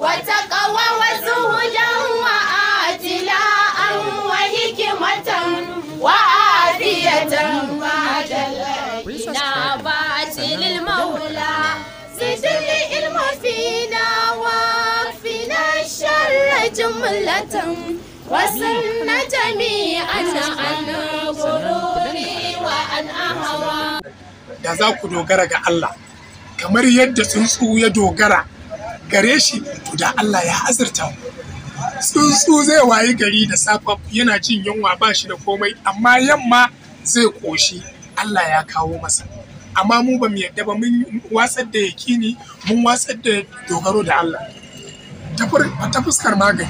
Wata kawa wasu hujan wa an wa hikimatan wa adiyatan wa dalaina ba ci lilmaula. wa fina sharra jimlatan wasu na jami'a na an kururi wa an ahawa. Da za ku dogara ga Allah, kamar yadda tsuntsu ya dogara gare shi to da Allah ya azurta mu tsuntsu zai wayi gari da safa yana jin yunwa ba shi da komai amma yamma zai koshi Allah ya kawo masa amma mu ba mu yadda ba mun watsar da yakini mun watsar da dogaro da Allah ta fuskar magani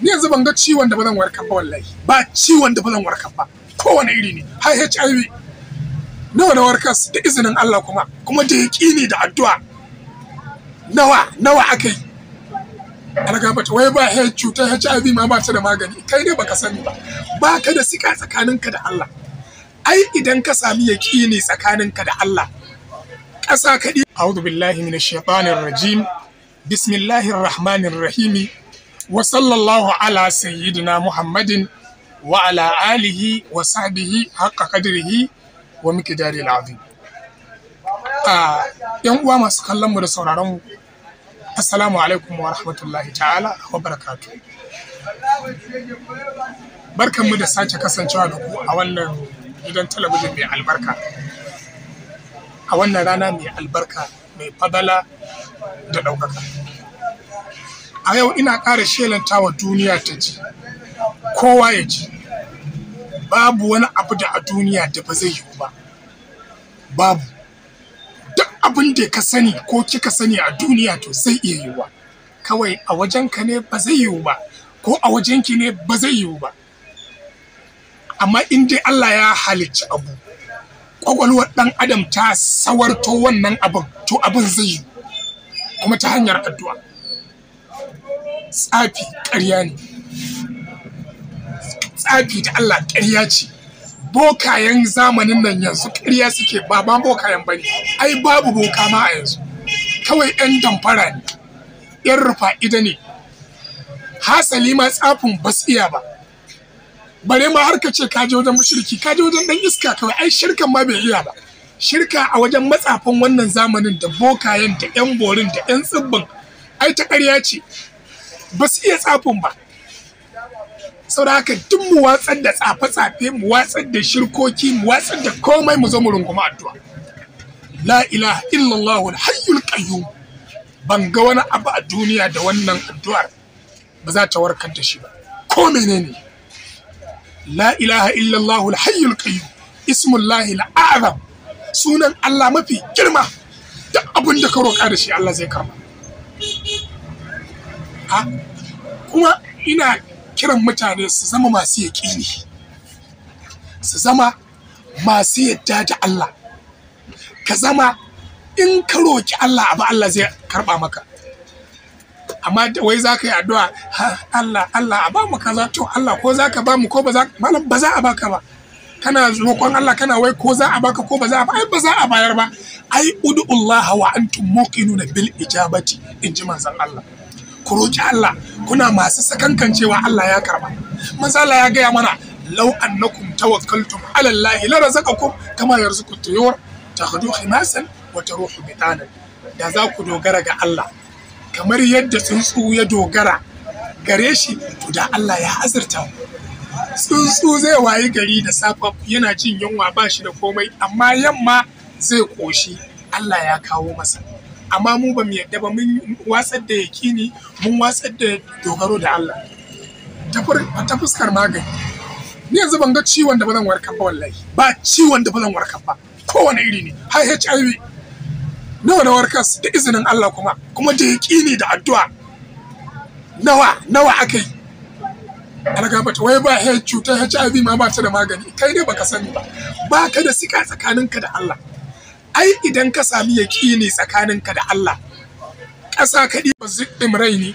ni yanzu ban ga ciwon da ba zan warkar ba wallahi ba ciwon da ba zan warkar ba kowane iri ne har HIV nawa na warkas da izinin Allah kuma kuma da yakini da addu'a nawa nawa aka yi algabata wai ba hey, cutar hiv ma ba ta da magani kai ne baka sani ba ba ka da sika tsakaninka da allah ai idan ka sami yaƙini tsakaninka da allah ƙasa kaɗi a'udhu billahi minash shaitanir rajim bismillahir rahmanir rahim wa sallallahu ala sayyidina muhammadin wa ala alihi wa sahbihi haqqa qadrihi wa mikdaril azim a ah, yan uwa masu kallon mu da sauraron mu Assalamu alaikum wa rahmatullahi ta'ala wa barakatu. mu da sace kasancewa da ku a wannan gidan talabijin mai albarka. A wannan rana mai albarka mai fadala da ɗaukaka. A yau ina ƙara shelanta wa duniya ta ji, kowa ya ji, babu wani abu da a duniya da ba zai yiwu ba. Babu. abin da ka sani ko kika sani a duniya to zai iya yiwuwa kawai a wajen ka ne ba zai yiwu ba ko a wajen ki ne ba zai yiwu ba amma in dai Allah ya halicci abu kwakwalwar ɗan adam ta sawarto wannan abin to abin zai yi kuma ta hanyar addu'a tsafi ƙarya ne tsafi da Allah ƙarya ce bokayen zamanin nan yanzu ƙarya suke ba ma bokayen bane ai babu boka ma a yanzu kawai 'yan damfara ne rufa ida ne hasali ma tsafin ba su iya ba bare ma har ka ce ka je wajen mushriki ka wajen dan iska kawai ai shirkan ma bai iya ba shirka a wajen matsafin wannan zamanin da bokayen da 'yan borin da 'yan tsibbin ai ta ƙarya ce ba su iya tsafin ba saboda duk mu watsar da tsafe-tsafe mu watsar da shirkoki mu watsar da komai mu zo mu runguma addu'a la ilaha illallah wal hayyul qayyum ban ga wani abu a duniya da wannan addu'ar ba za ta warkar da shi ba ko menene la ilaha illallah wal hayyul qayyum ismullahi al sunan Allah mafi girma duk abin da ka roƙa da shi Allah zai karba ha kuma ina kiran mutane su zama masu yaƙini su zama masu yadda da Allah ka zama in ka roki Allah abu Allah zai karɓa maka amma wai za ka yi addu'a Allah Allah a ba mu kaza to Allah ko za ka ba mu ko ba za ba za a baka ba kana roƙon Allah kana wai ko za a baka ko ba za a ba ai ba za a bayar ba ai ud'ullaha wa antum muqinuna bil ijabati in ji manzon Allah ku roki Allah kuna masu sakankancewa Allah ya karɓa. mazala ya gaya mana law annakum tawakkaltum ala Allah la razaqakum kama yarzuqu at-tuyur takhdu khimasan wa taruhu bitana da za ku dogara ga Allah kamar yadda tsuntsu ya dogara gare shi to da Allah ya azurta tsuntsu zai wayi gari da safa yana jin yunwa ba shi da komai amma yamma zai koshi Allah ya kawo masa amma mu ba mu yadda ba mun watsar da yakini mun watsar da dogaro da Allah ta fuskar magani ni yanzu ban ga ciwon da ba zan warkar ba wallahi ba ciwon da ba zan warkar ba kowane iri ne har HIV nawa na warkar da izinin Allah kuma kuma da yakini da addu'a nawa nawa akai alga bata wai ba cutar HIV ma ba ta da magani kai ne baka sani ba ba ka da sika tsakaninka da Allah ai idan ka sami yaƙini tsakaninka da Allah ƙasa kaɗi ba zuɗin rai ne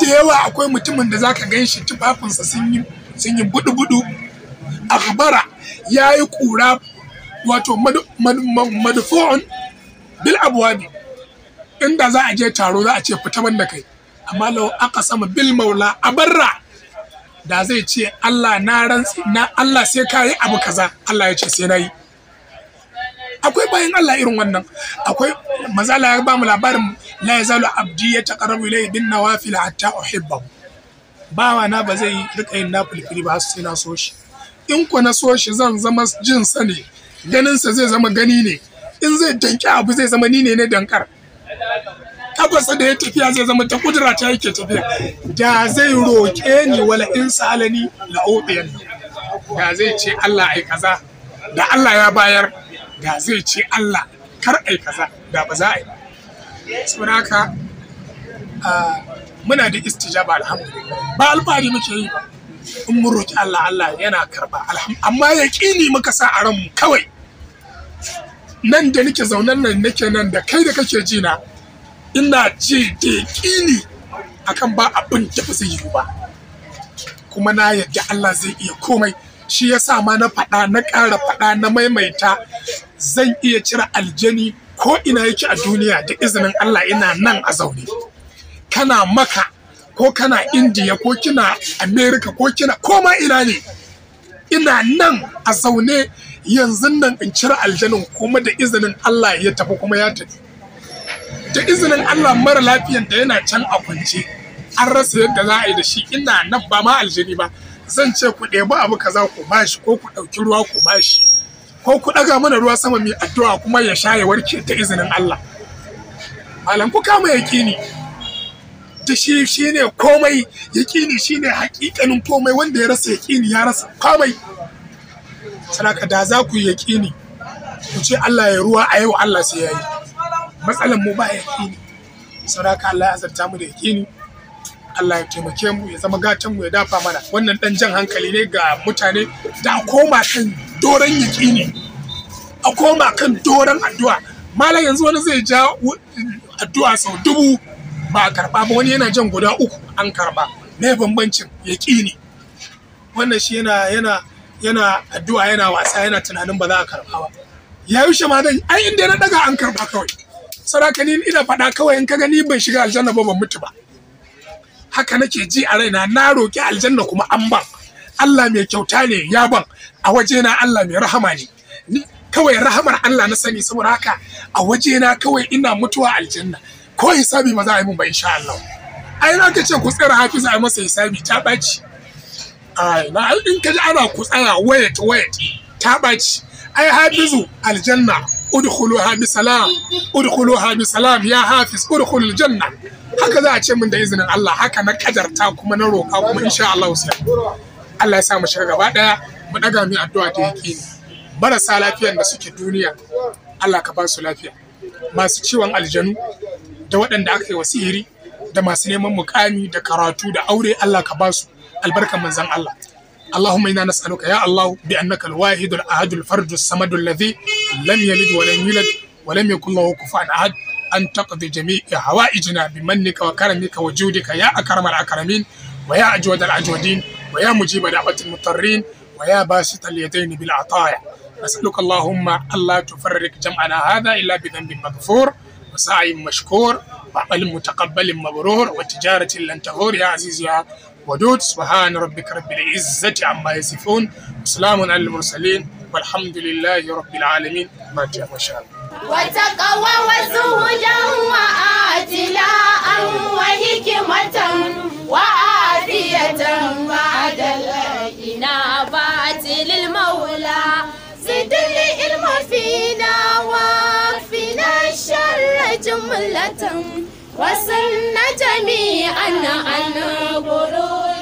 da yawa akwai mutumin da zaka gan shi tufafinsa sun yi sun yi budu-budu akhbara ya yi ƙura wato madufo'un bil abuwabi inda za a je taro za a ce fita da kai amma lau aka sama bil maula a barra da zai ce Allah na rantsi na Allah sai ka yi abu kaza Allah ya ce sai na yi akwai bayan Allah irin wannan akwai mazala ya ba mu labarin la yazalu abdi ya taqarrabu ilayhi bin nawafil hatta uhibbahu bawa na ba zai rika yin nafilfili ba sai na so shi in ku na so shi zan zama jin sa ne ganin sa zai zama gani ne in zai danki abu zai zama ni ne na dankar tabbasa da ya tafiya zai zama ta kudura ta yake tafiya da zai roƙe ni wala in salani la udiyan da zai ce Allah ai kaza da Allah ya bayar da zai ce Allah kar ai kaza da ba za a yi ba haka muna da istijaba alhamdulillah ba alfahari muke yi ba in mun roki Allah Allah yana karba amma yaƙini muka sa a ranmu kawai nan da nake zaunan nan nake nan da kai da kake ji na ina ji da ƙini akan ba abin da ba zai yi ba kuma na yadda Allah zai iya komai shi yasa sa ma na faɗa na ƙara faɗa na maimaita zan iya cire aljani ko ina yake a duniya da izinin Allah ina nan a zaune kana maka ko kana indiya ko kina america ko kina koma ina ne ina nan a zaune yanzu nan in cire aljanin kuma da izinin Allah ya tafi kuma ya tafi da izinin Allah mara lafiyan da yana can a kwance an rasa yadda za a yi da shi ina nan ba ma aljani ba zan ce ku ɗebi abu kaza ku bashi ko ku ɗauki ruwa ku bashi ko ku ɗaga mana ruwa sama mai addu'a kuma ya sha ya warke ta izinin Allah malam ku kama yaƙini da shi shine komai yaƙini shine haƙiƙanin komai wanda ya rasa yaƙini ya rasa komai sanaka da za ku yaƙini ku ce Allah ya ruwa a yau Allah sai yayi yi matsalan mu ba yaƙini sanaka Allah ya azarta mu da yaƙini Allah ya taimake mu ya zama gatan mu ya dafa mana wannan dan jan hankali ne ga mutane da koma kan doron yaƙini a koma kan doron addu'a malam yanzu wani zai ja addu'a sau dubu ba a karɓa ba wani yana jan guda uku an karɓa me bambancin yaƙini wannan shi yana yana yana addu'a yana wasa yana tunanin ba za a karba ba ya yi ma dai ai inda na daga an karba kawai saraka ni ina faɗa kawai in ka gani ban shiga aljanna ba ban mutu ba haka nake ji a raina na roki aljanna kuma an ba Allah mai kyauta ne ya ban a wajena Allah mai rahama ne kawai rahamar Allah na sani saboda haka a wajena kawai ina mutuwa aljanna ko hisabi ma za a yi mun ba insha Allah ai na ce ku tsira hafiz a masa hisabi ta baci ai na in kaji ana ku tsaya wayat wayat ta baci ai hafizu aljanna udkhuluha bi salam udkhuluha bi salam ya hafiz udkhulul janna haka za a ce min da izinin Allah haka na kadarta kuma na roka kuma insha Allah sai Allah ya sa mu shiga gaba daya mu daga mu addu'a da yake ni. marasa lafiyar da suke duniya Allah ka ba su lafiya masu ciwon aljanu da waɗanda aka yi wasiri da masu neman mukami da karatu da aure Allah ka ba su albarkan manzon Allah اللهم انا نسالك يا الله بانك الواحد الاحد الفرد الصمد الذي لم يلد ولم يولد ولم يكن له كفوا احد ان تقضي جميع حوائجنا بمنك وكرمك وجودك يا اكرم الاكرمين ويا أجود الأجودين ويا مجيب دعوة المضطرين ويا باسط اليدين بالعطايا أسألك اللهم ألا تفرق جمعنا هذا إلا بذنب مغفور وسعي مشكور وعمل متقبل مبرور وتجارة لن تغور يا عزيز يا ودود سبحان ربك رب العزة عما يصفون وسلام على المرسلين والحمد لله رب العالمين ما جاء ما شاء وتقوى وزهدا وآتلاء وحكمة وآتلاء wasan na jami'an na